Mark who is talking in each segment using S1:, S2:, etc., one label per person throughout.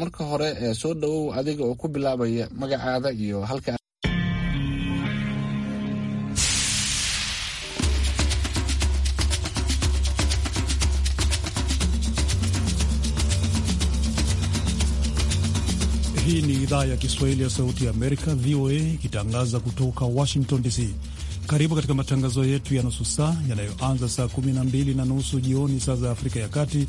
S1: Marka hore ee soo dhawow adiga oo ku bilaabaya magacaada iyo halka.
S2: Hii ni idhaa ya Kiswahili ya Sauti ya Amerika, VOA, ikitangaza kutoka Washington DC. Karibu katika matangazo yetu ya nusu saa yanayoanza saa 12 na nusu jioni saa za Afrika ya Kati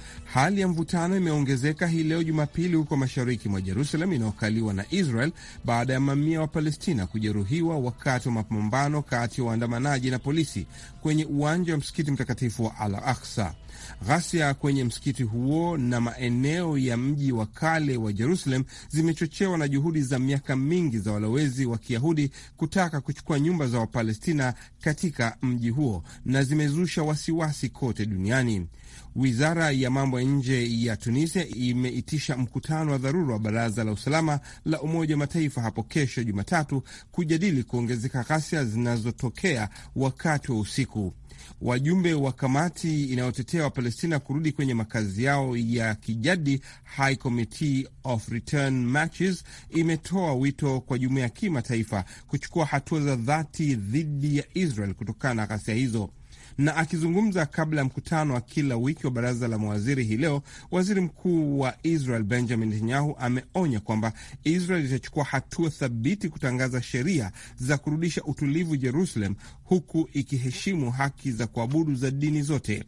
S1: Hali ya mvutano imeongezeka hii leo Jumapili huko mashariki mwa Jerusalem inayokaliwa na Israel baada ya mamia wa Palestina kujeruhiwa wakati wa mapambano kati ya waandamanaji na polisi kwenye uwanja wa msikiti mtakatifu wa Al Aksa. Ghasia kwenye msikiti huo na maeneo ya mji wa kale wa Jerusalem zimechochewa na juhudi za miaka mingi za walowezi wa Kiyahudi kutaka kuchukua nyumba za Wapalestina katika mji huo na zimezusha wasiwasi kote duniani. Wizara ya mambo ya nje ya Tunisia imeitisha mkutano wa dharura wa baraza la usalama la Umoja wa Mataifa hapo kesho Jumatatu kujadili kuongezeka ghasia zinazotokea wakati wa usiku. Wajumbe wa kamati inayotetea Wapalestina kurudi kwenye makazi yao ya kijadi, High Committee of Return Matches, imetoa wito kwa jumuiya ya kimataifa kuchukua hatua za dhati dhidi ya Israel kutokana na ghasia hizo. Na akizungumza kabla ya mkutano wa kila wiki wa baraza la mawaziri hii leo, waziri mkuu wa Israel Benjamin Netanyahu ameonya kwamba Israel itachukua hatua thabiti kutangaza sheria za kurudisha utulivu Jerusalem, huku ikiheshimu haki za kuabudu za dini zote.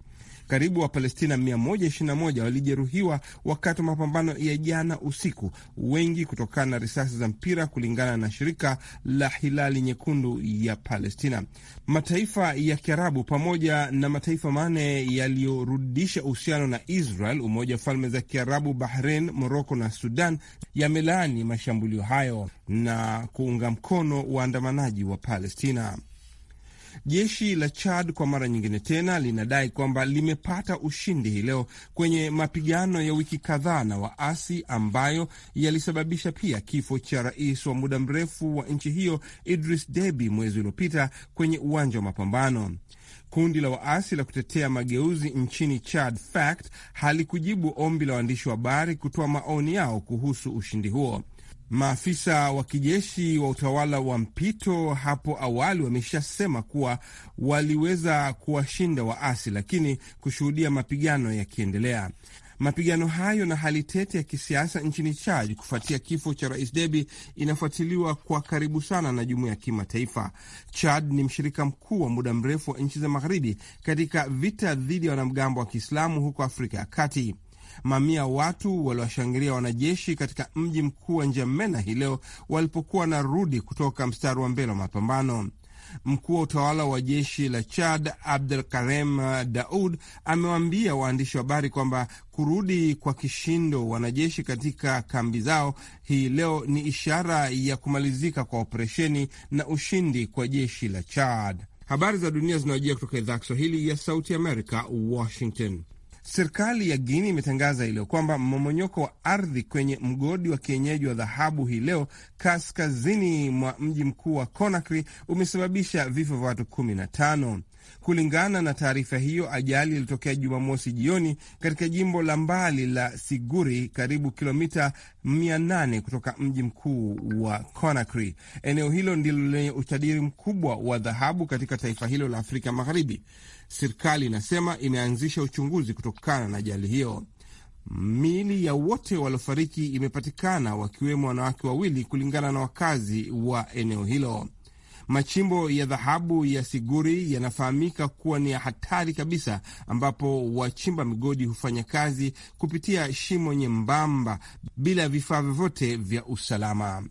S1: Karibu Wapalestina 121 walijeruhiwa wakati wa mapambano ya jana usiku, wengi kutokana na risasi za mpira, kulingana na shirika la Hilali Nyekundu ya Palestina. Mataifa ya Kiarabu pamoja na mataifa manne yaliyorudisha uhusiano na Israel, Umoja wa Falme za Kiarabu, Bahrain, Moroko na Sudan yamelaani mashambulio hayo na kuunga mkono waandamanaji wa Palestina. Jeshi la Chad kwa mara nyingine tena linadai kwamba limepata ushindi hii leo kwenye mapigano ya wiki kadhaa na waasi ambayo yalisababisha pia kifo cha rais wa muda mrefu wa nchi hiyo Idris Deby mwezi uliopita kwenye uwanja wa mapambano. Kundi la waasi la kutetea mageuzi nchini Chad FACT halikujibu ombi la waandishi wa habari kutoa maoni yao kuhusu ushindi huo. Maafisa wa kijeshi wa utawala wa mpito hapo awali wameshasema kuwa waliweza kuwashinda waasi, lakini kushuhudia mapigano yakiendelea. Mapigano hayo na hali tete ya kisiasa nchini Chad kufuatia kifo cha rais Debi inafuatiliwa kwa karibu sana na jumuiya ya kimataifa. Chad ni mshirika mkuu wa muda mrefu wa nchi za magharibi katika vita dhidi ya wanamgambo wa Kiislamu huko Afrika ya Kati. Mamia watu waliwashangilia wanajeshi katika mji mkuu wa Njamena hii leo walipokuwa wanarudi kutoka mstari wa mbele wa mapambano. Mkuu wa utawala wa jeshi la Chad Abdul Karem Daud amewaambia waandishi wa habari kwamba kurudi kwa kishindo wanajeshi katika kambi zao hii leo ni ishara ya kumalizika kwa operesheni na ushindi kwa jeshi la Chad. Habari za dunia zinawajia kutoka idhaa ya Kiswahili ya Sauti Amerika, Washington. Serikali ya Guini imetangaza hilo kwamba mmomonyoko wa ardhi kwenye mgodi wa kienyeji wa dhahabu hii leo kaskazini mwa mji mkuu wa Conakry umesababisha vifo vya watu kumi na tano. Kulingana na taarifa hiyo, ajali ilitokea Jumamosi jioni katika jimbo la mbali la Siguri, karibu kilomita 800 kutoka mji mkuu wa Conakry. Eneo hilo ndilo lenye utajiri mkubwa wa dhahabu katika taifa hilo la Afrika Magharibi. Serikali inasema imeanzisha uchunguzi kutokana na ajali hiyo. Miili ya wote waliofariki imepatikana, wakiwemo wanawake wawili, kulingana na wakazi wa eneo hilo. Machimbo ya dhahabu ya Siguri yanafahamika kuwa ni ya hatari kabisa, ambapo wachimba migodi hufanya kazi kupitia shimo nyembamba bila vifaa vyovyote vya usalama.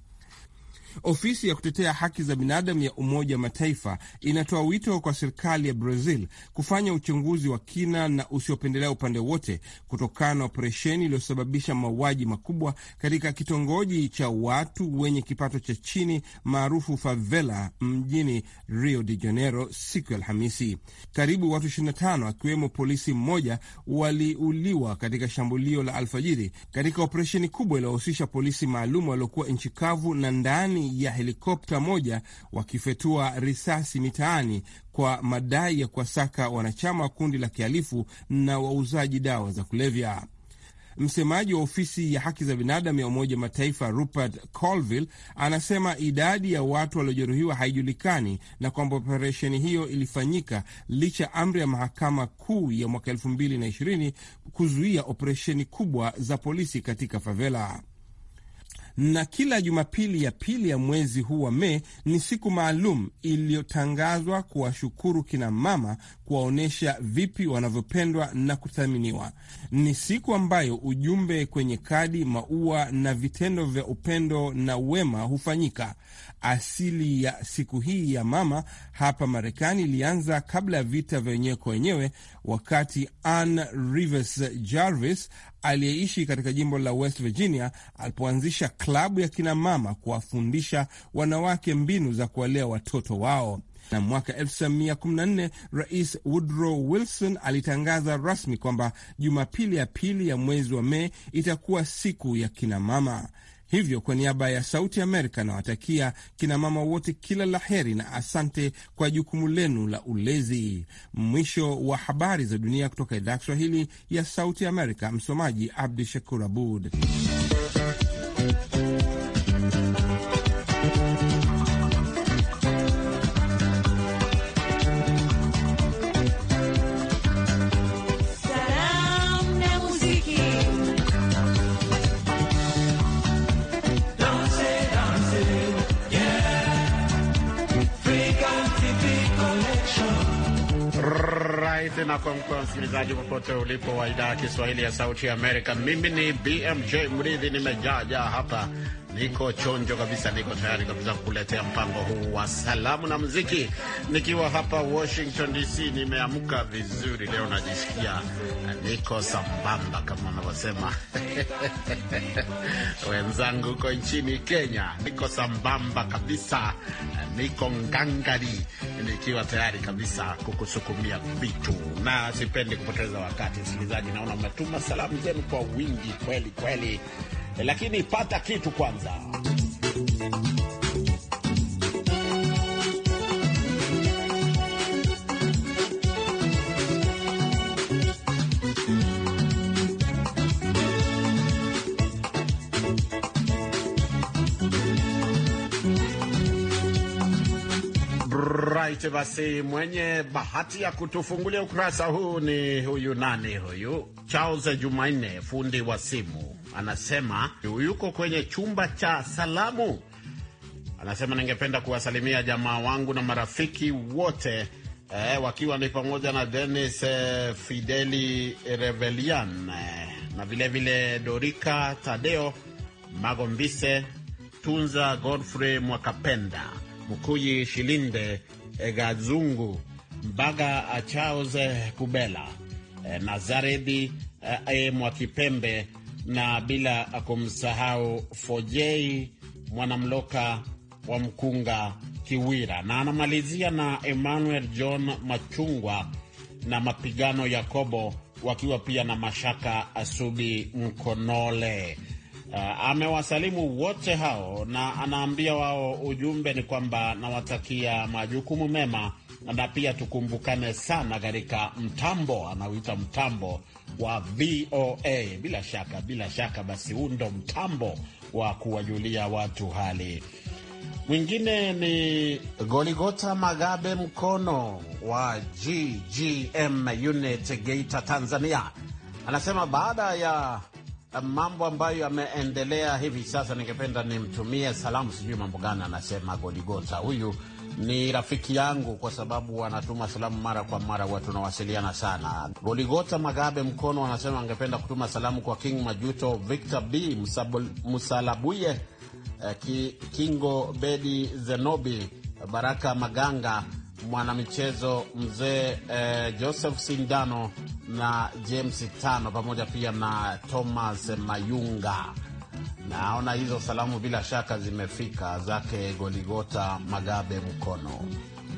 S1: Ofisi ya kutetea haki za binadamu ya Umoja wa Mataifa inatoa wito kwa serikali ya Brazil kufanya uchunguzi wa kina na usiopendelea upande wote kutokana na operesheni iliyosababisha mauaji makubwa katika kitongoji cha watu wenye kipato cha chini maarufu favela mjini Rio de Janeiro siku ya Alhamisi. Karibu watu 25 akiwemo polisi mmoja waliuliwa katika shambulio la alfajiri katika operesheni kubwa iliyohusisha polisi maalum waliokuwa nchi kavu na ndani ndani ya helikopta moja wakifyatua risasi mitaani kwa madai ya kuwasaka wanachama wa kundi la kihalifu na wauzaji dawa za kulevya. Msemaji wa ofisi ya haki za binadamu ya Umoja Mataifa Rupert Colville anasema idadi ya watu waliojeruhiwa haijulikani na kwamba operesheni hiyo ilifanyika licha amri ya mahakama kuu ya mwaka elfu mbili na ishirini kuzuia operesheni kubwa za polisi katika favela na kila Jumapili ya pili ya mwezi huu wa Mei ni siku maalum iliyotangazwa kuwashukuru kinamama kuwaonyesha vipi wanavyopendwa na kuthaminiwa. Ni siku ambayo ujumbe kwenye kadi, maua na vitendo vya upendo na wema hufanyika. Asili ya siku hii ya mama hapa Marekani ilianza kabla ya vita vya wenyewe kwa wenyewe, wakati Ann Rivers Jarvis aliyeishi katika jimbo la West Virginia alipoanzisha klabu ya kinamama kuwafundisha wanawake mbinu za kuwalea watoto wao. Na mwaka 1914 Rais Woodrow Wilson alitangaza rasmi kwamba Jumapili ya pili ya mwezi wa Mei itakuwa siku ya kinamama. Hivyo kwa niaba ya Sauti Amerika nawatakia kinamama wote kila la heri na asante kwa jukumu lenu la ulezi. Mwisho wa habari za dunia kutoka idhaa Kiswahili ya Sauti Amerika. Msomaji Abdu Shakur Abud.
S3: Natumai tena kwa mko msikilizaji, popote ulipo wa idhaa ya Kiswahili ya Sauti ya Amerika. Mimi ni BMJ Mridhi, nimejaajaa hapa niko chonjo kabisa, niko tayari kabisa kukuletea mpango huu wa salamu na muziki nikiwa hapa Washington DC. Nimeamka vizuri leo, najisikia niko sambamba kama wanavyosema wenzangu huko nchini Kenya. Niko sambamba kabisa, niko ngangari, nikiwa tayari kabisa kukusukumia vitu, na sipendi kupoteza wakati. Msikilizaji, naona umetuma salamu zenu kwa wingi kweli kweli. Eh, lakini pata kitu kwanza. Right, basi mwenye bahati ya kutufungulia ukurasa huu ni huyu nani huyu, Charles Jumanne, fundi wa simu, anasema yuko kwenye chumba cha salamu. Anasema ningependa kuwasalimia jamaa wangu na marafiki wote eh, wakiwa ni pamoja na denis eh, Fideli Revelian eh, na vilevile vile Dorika Tadeo Magombise Tunza Godfrey Mwakapenda Mkuyi Shilinde Gazungu, Mbaga eh, Charles eh, Kubela, eh, Nazaredi e, Mwakipembe na bila kumsahau Fojei Mwanamloka wa Mkunga Kiwira, na anamalizia na Emmanuel John Machungwa na Mapigano Yakobo wakiwa pia na Mashaka Asubi Mkonole. Uh, amewasalimu wote hao na anaambia wao ujumbe ni kwamba nawatakia majukumu mema, na pia tukumbukane sana katika mtambo anaoita mtambo wa VOA. Bila shaka, bila shaka, basi huu ndo mtambo wa kuwajulia watu hali. Mwingine ni Goligota Magabe Mkono wa GGM unit Geita, Tanzania, anasema baada ya mambo ambayo yameendelea hivi sasa, ningependa nimtumie salamu. Sijui mambo gani anasema godigota Huyu ni rafiki yangu kwa sababu wanatuma salamu mara kwa mara, huwa tunawasiliana sana. Goligota Magabe Mkono anasema angependa kutuma salamu kwa King Majuto, Victor B Musalabuye, eh, Kingo Bedi, Zenobi Baraka Maganga mwanamichezo mzee eh, Joseph Sindano na James Tano pamoja pia na Thomas Mayunga. Naona hizo salamu bila shaka zimefika zake Goligota Magabe Mkono.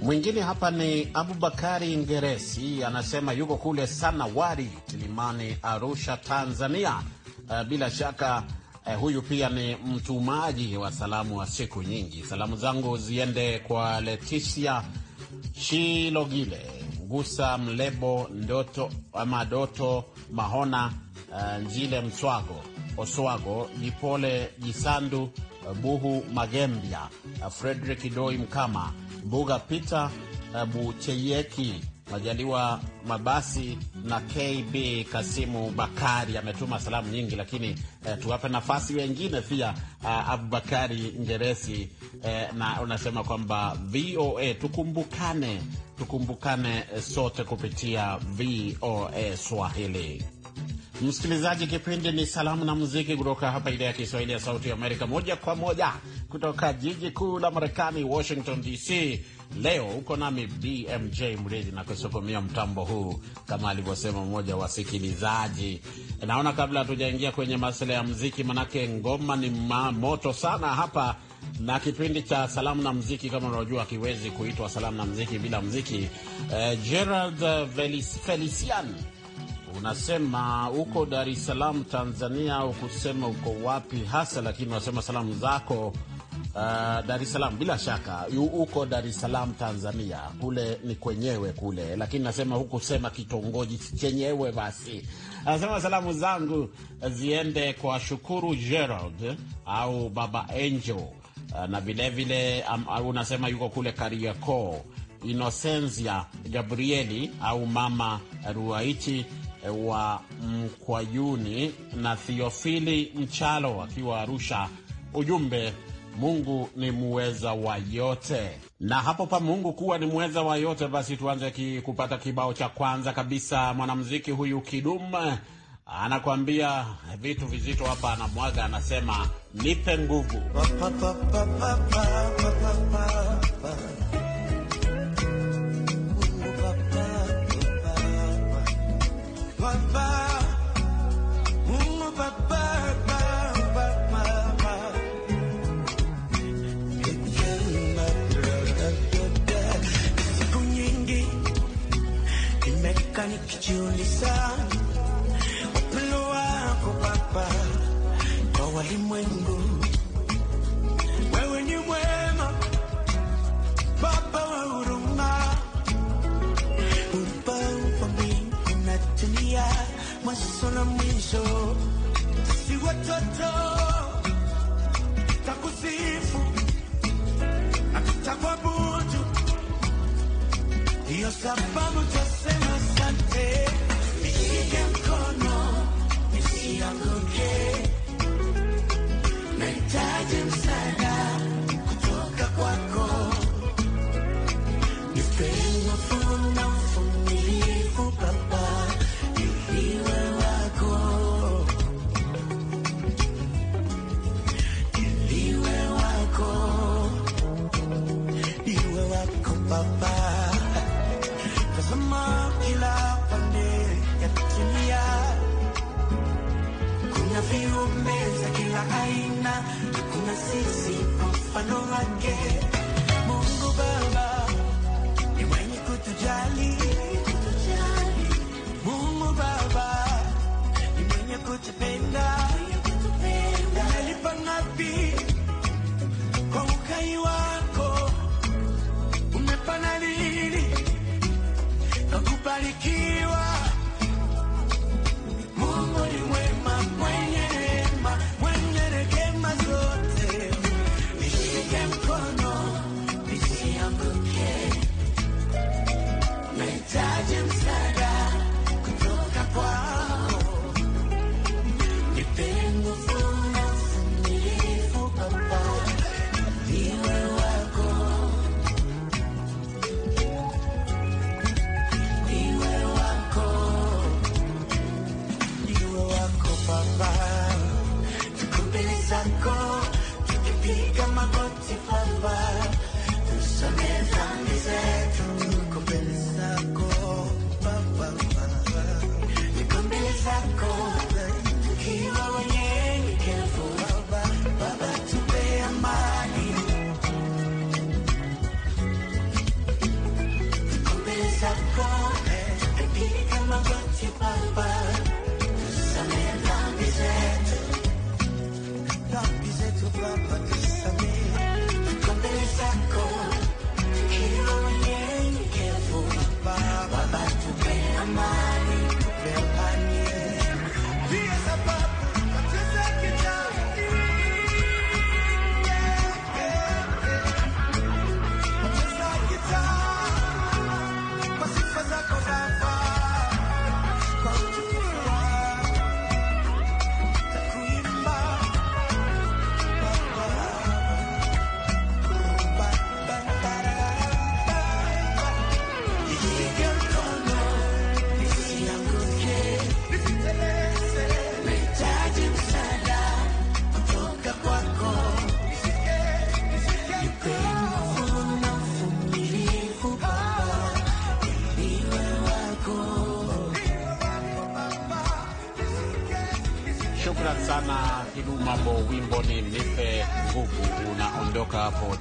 S3: Mwingine hapa ni Abubakari Ngeresi, anasema yuko kule sana wari Kilimani, Arusha, Tanzania. Eh, bila shaka eh, huyu pia ni mtumaji wa salamu wa siku nyingi. Salamu zangu ziende kwa Leticia Shilogile, Ngusa Mlebo, Ndoto Doto Mahona, uh, Njile Mswago, Oswago, Jipole Jisandu, uh, eh, Buhu magembia uh, eh, Frederick Doi Mkama, Mbuga Peter uh, Bucheyeki Majaliwa Mabasi na KB Kasimu Bakari ametuma salamu nyingi, lakini eh, tuwape nafasi wengine pia. Ah, Abubakari Ngeresi eh, na unasema kwamba VOA tukumbukane, tukumbukane eh, sote kupitia VOA Swahili. Msikilizaji, kipindi ni salamu na muziki kutoka hapa idhaa ya Kiswahili ya Sauti ya Amerika, moja kwa moja kutoka jiji kuu la Marekani, Washington DC. Leo uko nami BMJ Mridhi na kusukumia mtambo huu kama alivyosema mmoja wasikilizaji. Naona kabla hatujaingia kwenye masuala ya mziki, manake ngoma ni ma moto sana hapa, na kipindi cha salamu na mziki kama unaojua akiwezi kuitwa salamu na mziki bila mziki. Eh, Gerald Felician unasema uko Dar es Salaam Tanzania, ukusema uko wapi hasa, lakini unasema salamu zako uh, Dar es Salaam. Bila shaka uko Dar es Salaam, Tanzania, kule ni kwenyewe kule, lakini nasema hukusema kitongoji chenyewe. Basi anasema salamu zangu ziende kwa Shukuru Gerald au Baba Angel uh, na vilevile um, unasema yuko kule Kariakoo, Inosensia Gabrieli au Mama Ruaichi uh, wa Mkwajuni na Theofili Mchalo akiwa Arusha. Ujumbe Mungu ni muweza wa yote, na hapo pa Mungu kuwa ni muweza wa yote, basi tuanze ki, kupata kibao cha kwanza kabisa. Mwanamuziki huyu Kidum anakwambia vitu vizito hapa, anamwaga, anasema nipe nguvu
S4: kabisa upendo wako Baba kwa walimwengu. Wewe ni mwema Baba wa huruma, upa uvumilivu na dunia mwanzo na mwisho, si watoto takusifu na tutakuabudu, sababu tose Nasisipag panood kay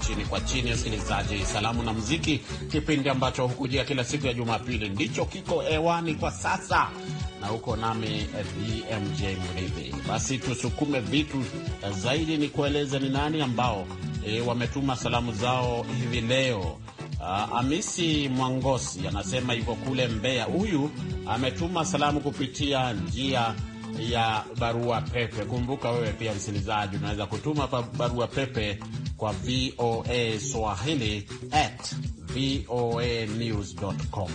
S3: chini kwa chini. Msikilizaji, salamu na mziki kipindi ambacho hukujia kila siku ya Jumapili, ndicho kiko hewani kwa sasa, na huko nami eh, BMJ Mridhi. Basi tusukume vitu eh, zaidi, ni kueleze ni nani ambao e, wametuma salamu zao hivi leo. Uh, Amisi Mwangosi anasema yuko kule Mbeya. Huyu ametuma salamu kupitia njia ya barua pepe. Kumbuka wewe pia msikilizaji, unaweza kutuma barua pepe kwa VOA Swahili at VOA News com.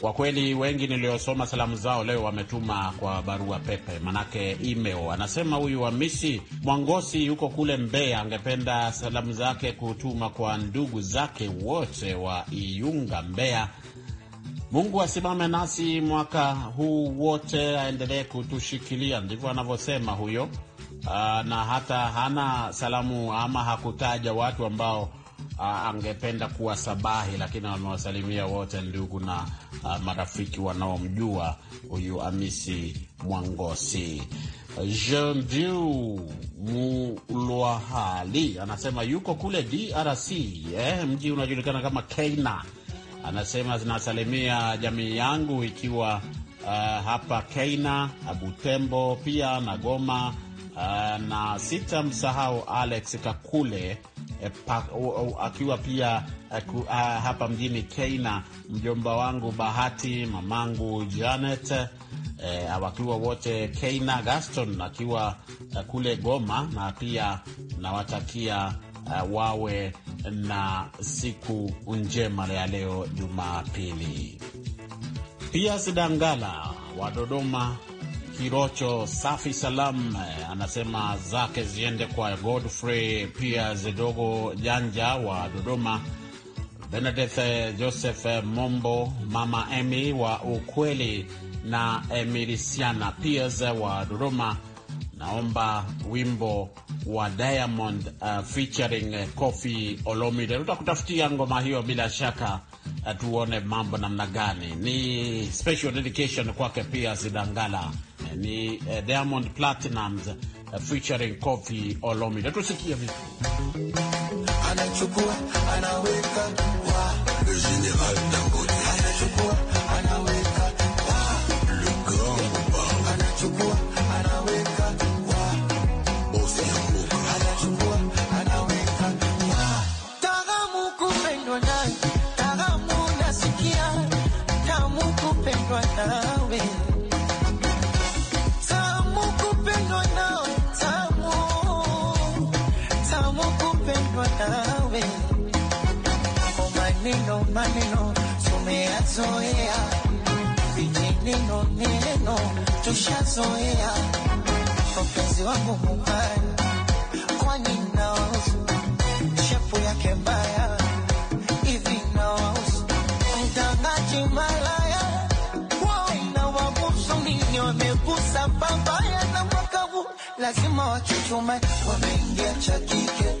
S3: Kwa kweli wengi niliosoma salamu zao leo wametuma kwa barua pepe, manake email. Anasema huyu Hamisi Mwangosi yuko kule Mbeya, angependa salamu zake kutuma kwa ndugu zake wote wa Iyunga, Mbeya Mungu asimame nasi mwaka huu wote, aendelee kutushikilia, ndivyo anavyosema huyo. Aa, ah, na hata hana salamu ama hakutaja watu ambao aa, ah, angependa kuwa sabahi, lakini amewasalimia wote ndugu na aa, ah, marafiki wanaomjua huyu Amisi Mwangosi. Jean Dieu Mulwahali anasema yuko kule DRC, eh, mji unajulikana kama Keina anasema zinasalimia jamii yangu ikiwa uh, hapa Keina, Butembo pia na Goma uh, na msahau Alex Kakule epa, eh, u, u, akiwa pia aku, eh, uh, hapa mjini Keina, mjomba wangu Bahati, mamangu Janet eh, wakiwa wote Keina, Gaston akiwa uh, kule Goma na pia nawatakia uh, wawe na siku njema ya leo Jumapili. Pia Sidangala wa Dodoma Kirocho, safi salam, eh, anasema zake ziende kwa Godfrey pia zidogo janja wa Dodoma, Benedeth eh, Joseph Mombo, mama Emi wa ukweli na Emilisiana piers wa Dodoma naomba wimbo wa Diamond uh, featuring uh, Koffi Olomide. Utakutafutia ngoma hiyo bila shaka, uh, tuone mambo namna gani. Ni special dedication kwake pia Zidangala, Uh, ni uh, Diamond Platinums uh, featuring Kofi Olomide.
S4: Tusikie vitu anachukua anaweka wa uh, General neno maneno tumeyazoea, vijineno ni neno tushazoea. Mpenzi wangu mubaya, kwani nausu shepu yake mbaya hivi, nausu mtangaji malaya, waina wabusu nini, wamegusa pambaya na mwakavu, lazima wachuchume, wameingia cha kike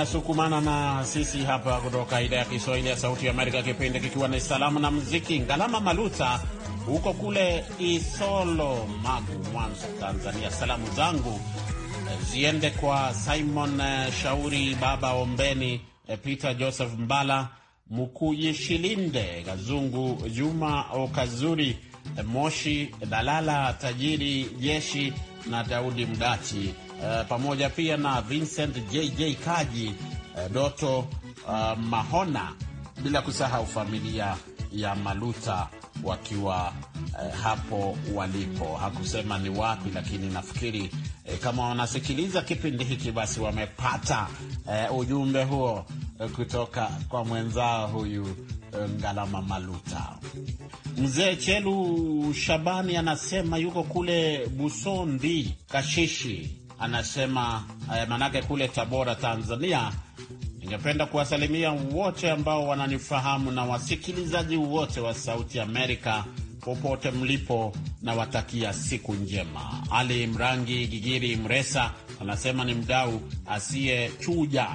S3: unasukumana na sisi hapa kutoka idhaa ya Kiswahili ya Sauti ya Amerika, kipindi kikiwa ni salamu na muziki. Ngalama Maluta huko kule Isolo, Magu, Mwanza, Tanzania, salamu zangu eh, ziende kwa Simon eh, Shauri, Baba Ombeni, eh, Peter Joseph Mbala, Mukuye Shilinde, Kazungu Juma Okazuri, Moshi Dalala Tajiri Jeshi na Daudi Mdachi uh, pamoja pia na Vincent JJ Kaji, uh, Doto uh, Mahona, bila kusahau familia ya Maluta wakiwa eh, hapo walipo. Hakusema ni wapi, lakini nafikiri eh, kama wanasikiliza kipindi hiki basi wamepata eh, ujumbe huo eh, kutoka kwa mwenzao huyu eh, Ngalama Maluta. Mzee Chelu Shabani anasema yuko kule Busondi Kashishi anasema eh, manake kule Tabora, Tanzania, ningependa kuwasalimia wote ambao wananifahamu na wasikilizaji wote wa Sauti Amerika popote mlipo, na watakia siku njema. Ali Mrangi Gigiri Mresa anasema ni mdau asiyechuja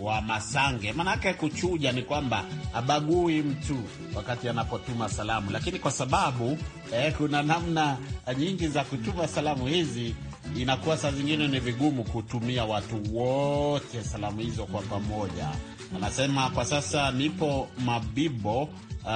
S3: wa Masange. Manake kuchuja ni kwamba abagui mtu wakati anapotuma salamu, lakini kwa sababu eh, kuna namna nyingi za kutuma salamu hizi inakuwa saa zingine ni vigumu kutumia watu wote salamu hizo kwa pamoja. Anasema kwa sasa nipo Mabibo, uh,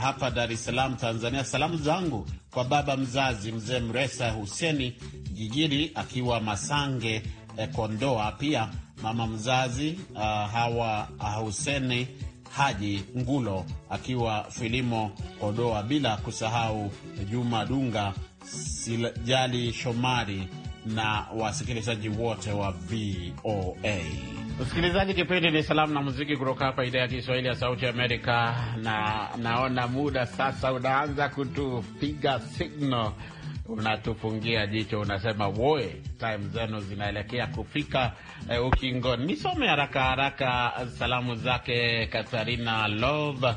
S3: hapa Dar es Salaam, Tanzania. Salamu zangu kwa baba mzazi mzee Mresa Huseni Jigiri akiwa Masange, eh, Kondoa, pia mama mzazi uh, Hawa uh, Huseni Haji Ngulo akiwa Filimo Kondoa, bila kusahau Juma Dunga Silajali Shomari na wasikilizaji wote wa VOA. Msikilizaji, kipindi ni salamu na muziki kutoka hapa idhaa ya Kiswahili ya Sauti Amerika, na naona muda sasa unaanza kutupiga signal, unatufungia jicho, unasema woe, time zenu zinaelekea kufika e, ukingoni. Nisome haraka haraka salamu zake Katarina Love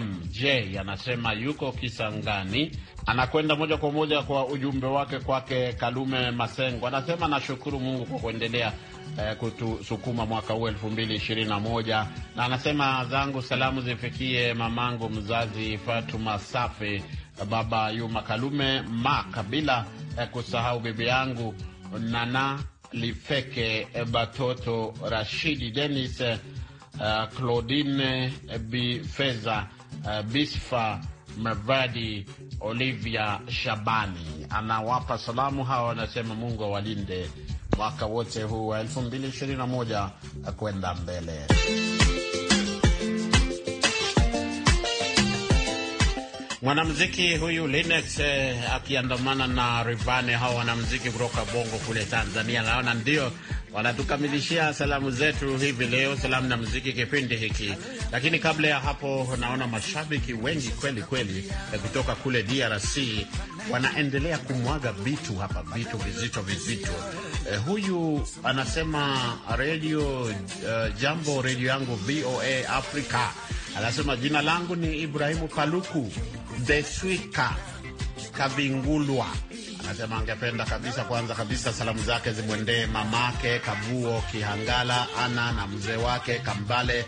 S3: MJ, anasema yuko Kisangani Anakwenda moja kwa moja kwa ujumbe wake kwake Kalume Masengo, anasema nashukuru Mungu kwa kuendelea eh, kutusukuma mwaka huu elfu mbili ishirini na moja, na anasema zangu salamu zifikie mamangu mzazi Fatuma Safi, baba Yuma Kalume Mak, bila eh, kusahau bibi yangu Nana Lifeke eh, Batoto Rashidi Denis, uh, eh, Claudine Bifeza, uh, Bisfa Mavadi Olivia Shabani anawapa salamu hawa, wanasema Mungu awalinde mwaka wote huu wa 2021 kwenda mbele. Mwanamziki huyu Linex eh, akiandamana na Rivane, hawa wanamziki kutoka Bongo kule Tanzania, naona ndio wanatukamilishia salamu zetu hivi leo, salamu na muziki, kipindi hiki. Lakini kabla ya hapo, naona mashabiki wengi kweli kweli eh, kutoka kule DRC wanaendelea kumwaga vitu hapa, vitu vizito vizito. Eh, huyu anasema redio uh, eh, jambo redio yangu VOA Africa, anasema jina langu ni Ibrahimu Paluku Beswika Kavingulwa anasema angependa kabisa, kwanza kabisa, salamu zake zimwendee mamake Kabuo Kihangala, Ana na mzee wake Kambale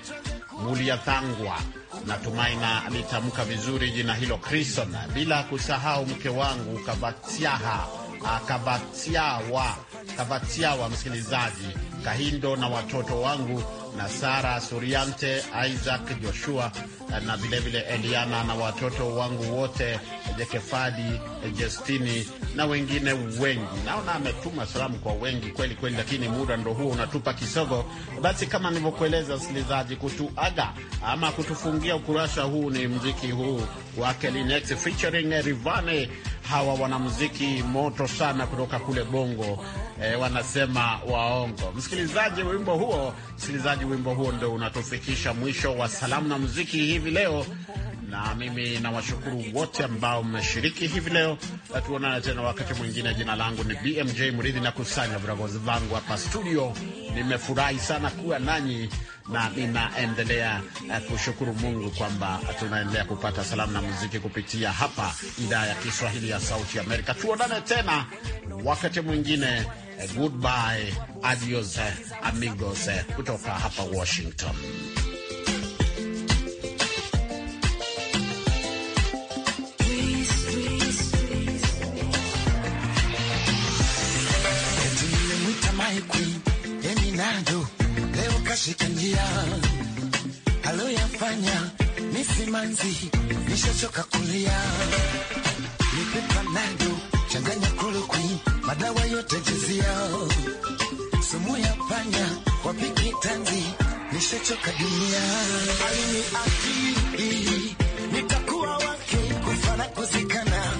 S3: mulia natumai Natumaina alitamka vizuri jina hilo Krison, bila kusahau mke wangu Kabatiaha ah, Kabatiawa Kabatiawa, msikilizaji Kahindo na watoto wangu na Sara Suriante, Isaac Joshua eh, na vilevile Eliana na watoto wangu wote eh, Jekefadi, eh, Jestini na wengine wengi. Naona ametuma salamu kwa wengi kweli kweli, lakini muda ndo huo unatupa kisogo. Basi kama nilivyokueleza, msikilizaji, kutuaga ama kutufungia ukurasa huu ni mziki huu wake Linex featuring Rivane hawa wanamuziki moto sana kutoka kule Bongo e, wanasema waongo. Msikilizaji, wimbo huo msikilizaji, wimbo huo ndio unatufikisha mwisho wa salamu na muziki hivi leo na mimi nawashukuru wote ambao mmeshiriki hivi leo. Tuonane tena wakati mwingine. Jina langu ni BMJ Mridhi na kusanya viragozi vangu hapa studio. Nimefurahi sana kuwa nanyi na ninaendelea eh, kushukuru Mungu kwamba tunaendelea kupata salamu na muziki kupitia hapa idhaa ya Kiswahili ya Sauti Amerika. Tuonane tena wakati mwingine. Goodbye, adios amigos, eh, kutoka hapa Washington.
S4: kando, leo kashika njia aloyafanya misimanzi, nishachoka kulia nipipanado, changanya kulukwi madawa yote jizia, sumu ya panya wapiki tanzi, nishachoka dunia alini akili nitakuwa wake kufana kuzikana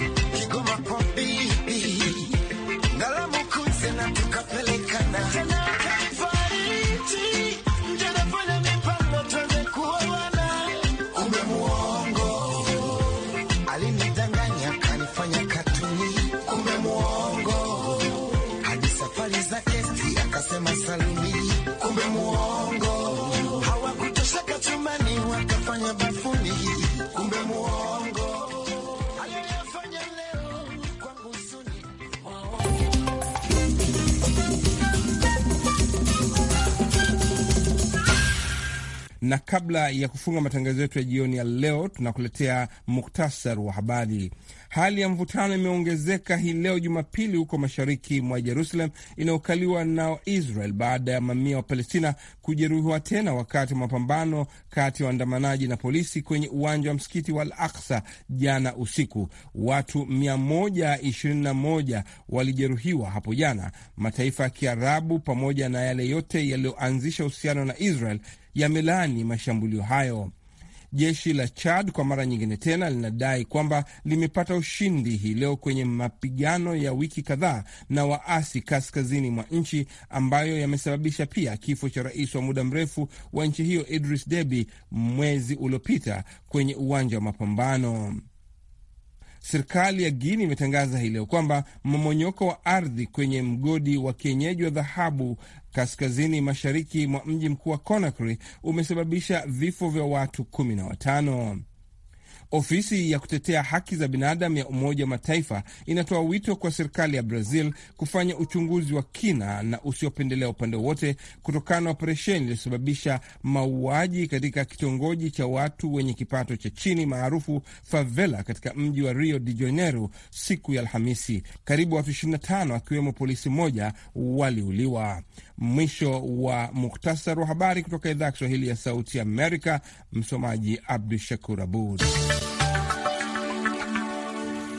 S1: na kabla ya kufunga matangazo yetu ya jioni ya leo, tunakuletea muktasar wa habari. Hali ya mvutano imeongezeka hii leo Jumapili huko mashariki mwa Jerusalem inayokaliwa na Israel baada ya mamia wa Palestina kujeruhiwa tena wakati wa mapambano kati ya waandamanaji na polisi kwenye uwanja wa msikiti wa Al Aksa jana usiku. Watu 121 walijeruhiwa hapo jana. Mataifa ya Kiarabu pamoja na yale yote yaliyoanzisha uhusiano na Israel yamelaani mashambulio hayo. Jeshi la Chad kwa mara nyingine tena linadai kwamba limepata ushindi hii leo kwenye mapigano ya wiki kadhaa na waasi kaskazini mwa nchi ambayo yamesababisha pia kifo cha rais wa muda mrefu wa nchi hiyo Idris Deby mwezi uliopita kwenye uwanja wa mapambano. Serikali ya Guini imetangaza hii leo kwamba mmomonyoko wa ardhi kwenye mgodi wa kienyeji wa dhahabu kaskazini mashariki mwa mji mkuu wa Conakry umesababisha vifo vya watu kumi na watano. Ofisi ya kutetea haki za binadamu ya Umoja wa Mataifa inatoa wito kwa serikali ya Brazil kufanya uchunguzi wa kina na usiopendelea upande wote kutokana na operesheni iliyosababisha mauaji katika kitongoji cha watu wenye kipato cha chini maarufu favela katika mji wa Rio de Janeiro siku ya Alhamisi. Karibu watu 25 akiwemo polisi mmoja waliuliwa. Mwisho wa muktasar wa habari kutoka idhaa ya Kiswahili ya Sauti Amerika. Msomaji Abdu Shakur Abud.